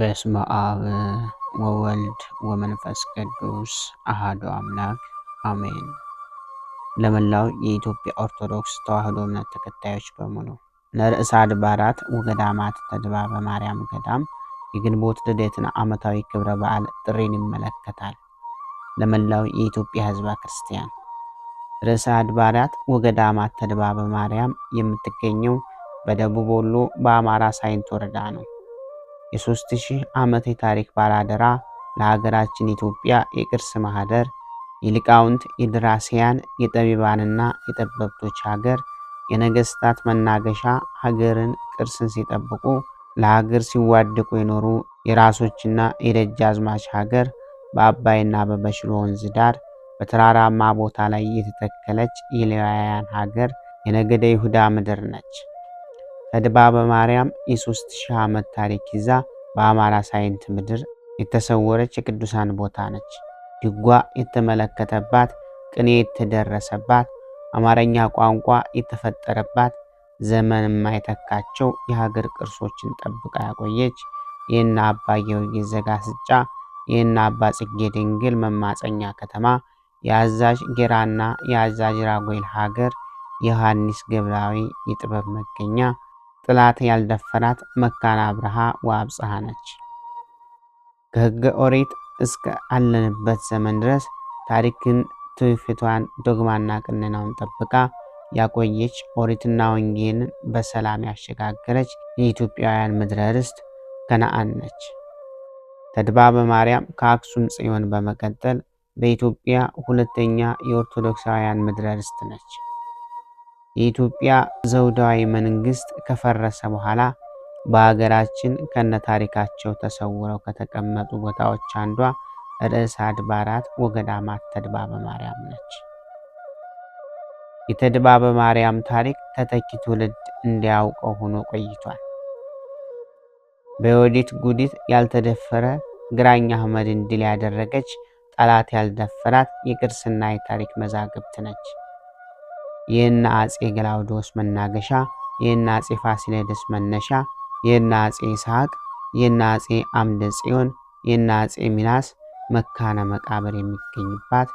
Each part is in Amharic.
በስመ አብ ወወልድ ወመንፈስ ቅዱስ አህዶ አምላክ አሜን። ለመላው የኢትዮጵያ ኦርቶዶክስ ተዋሕዶ እምነት ተከታዮች በሙሉ ለርዕሰ አድባራት ወገዳማት ተድባበ ማርያም ገዳም የግንቦት ልደትን ዓመታዊ ክብረ በዓል ጥሪን ይመለከታል። ለመላው የኢትዮጵያ ሕዝበ ክርስቲያን ርዕሰ አድባራት ወገዳማት ተድባበ ማርያም የምትገኘው በደቡብ ወሎ በአማራ ሳይንት ወረዳ ነው። የሦስት ሺህ ዓመት የታሪክ ባላደራ ለሀገራችን ኢትዮጵያ የቅርስ ማህደር የሊቃውንት የደራሲያን የጠቢባንና የጠበብቶች ሀገር የነገስታት መናገሻ ሀገርን ቅርስን ሲጠብቁ ለሀገር ሲዋደቁ የኖሩ የራሶችና የደጃዝማች ሀገር በአባይና በበሽሎ ወንዝ ዳር በተራራማ ቦታ ላይ የተተከለች የሌዋውያን ሀገር የነገደ ይሁዳ ምድር ነች። ከድባ በማርያም የሦስት ሺህ ዓመት ታሪክ ይዛ በአማራ ሳይንት ምድር የተሰወረች የቅዱሳን ቦታ ነች። ድጓ የተመለከተባት፣ ቅኔ የተደረሰባት፣ አማርኛ ቋንቋ የተፈጠረባት፣ ዘመን የማይተካቸው የሀገር ቅርሶችን ጠብቃ ያቆየች ይህን አባ ጊዮርጊስ ዘጋስጫ ይህን አባ ጽጌ ድንግል መማፀኛ ከተማ የአዛዥ ጌራና የአዛዥ ራጎይል ሀገር ዮሐንስ ገብራዊ የጥበብ መገኛ ጥላት ያልደፈራት መካነ አብርሃ ወአብጽሐ ነች። ከሕገ ኦሪት እስከ አለንበት ዘመን ድረስ ታሪክን፣ ትውፊቷን፣ ዶግማና ቅንናውን ጠብቃ ያቆየች ኦሪትና ወንጌልን በሰላም ያሸጋገረች የኢትዮጵያውያን ምድረ ርስት ከነአን ነች። ተድባበ ማርያም ከአክሱም ጽዮን በመቀጠል በኢትዮጵያ ሁለተኛ የኦርቶዶክሳውያን ምድረ ርስት ነች። የኢትዮጵያ ዘውዳዊ መንግስት ከፈረሰ በኋላ በሀገራችን ከነታሪካቸው ተሰውረው ከተቀመጡ ቦታዎች አንዷ ርዕሰ አድባራት ወገዳማት ተድባበ ማርያም ነች። የተድባበ ማርያም ታሪክ ተተኪ ትውልድ እንዲያውቀው ሆኖ ቆይቷል። በዮዲት ጉዲት ያልተደፈረ ግራኝ አህመድ እንዲል ያደረገች ጠላት ያልደፈራት የቅርስና የታሪክ መዛግብት ነች። የእነ አጼ ገላውዴዎስ መናገሻ፣ የእነ አጼ ፋሲለደስ መነሻ፣ የእነ አጼ ይስሐቅ፣ የእነ አጼ አምደ ጽዮን፣ የእነ አጼ ሚናስ መካነ መቃብር የሚገኝባት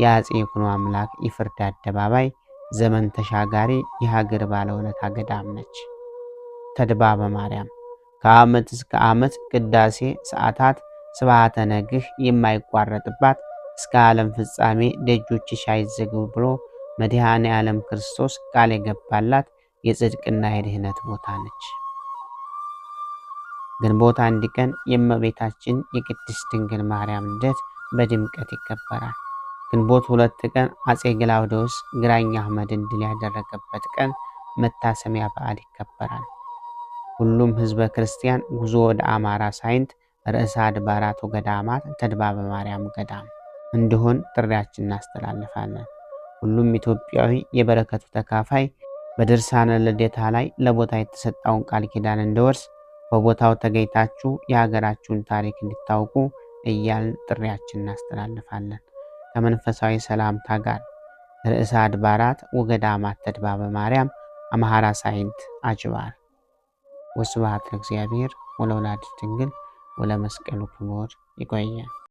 የአጼ ይኩኖ አምላክ ይፍርድ አደባባይ ዘመን ተሻጋሪ የሀገር ባለውለታ ገዳም ነች። ተድባበ ማርያም ከዓመት እስከ ዓመት ቅዳሴ ሰዓታት ስብሐተ ነግህ የማይቋረጥባት እስከ ዓለም ፍጻሜ ደጆችሽ አይዘግቡ ብሎ መድኃኔ ዓለም ክርስቶስ ቃል የገባላት የጽድቅና የድህነት ቦታ ነች። ግንቦት አንድ ቀን የእመቤታችን የቅድስት ድንግል ማርያም ልደት በድምቀት ይከበራል። ግንቦት ሁለት ቀን አጼ ግላውዴዎስ ግራኝ አህመድን ድል ያደረገበት ቀን መታሰሚያ በዓል ይከበራል። ሁሉም ህዝበ ክርስቲያን ጉዞ ወደ አማራ ሳይንት ርዕሰ አድባራት ወገዳማት ተድባበ ማርያም ገዳም እንዲሆን ጥሪያችን እናስተላልፋለን። ሁሉም ኢትዮጵያዊ የበረከቱ ተካፋይ በድርሳነ ልደታ ላይ ለቦታ የተሰጠውን ቃል ኪዳን እንዲወርስ በቦታው ተገኝታችሁ የሀገራችሁን ታሪክ እንድታውቁ እያል ጥሪያችን እናስተላልፋለን። ከመንፈሳዊ ሰላምታ ጋር ርዕሰ አድባራት ወገዳማት ተድባበ ማርያም አምሃራ ሳይንት አጅባር ወስብሐት ለእግዚአብሔር ወለወላዲቱ ድንግል ወለመስቀሉ ክቡር ይቆያል።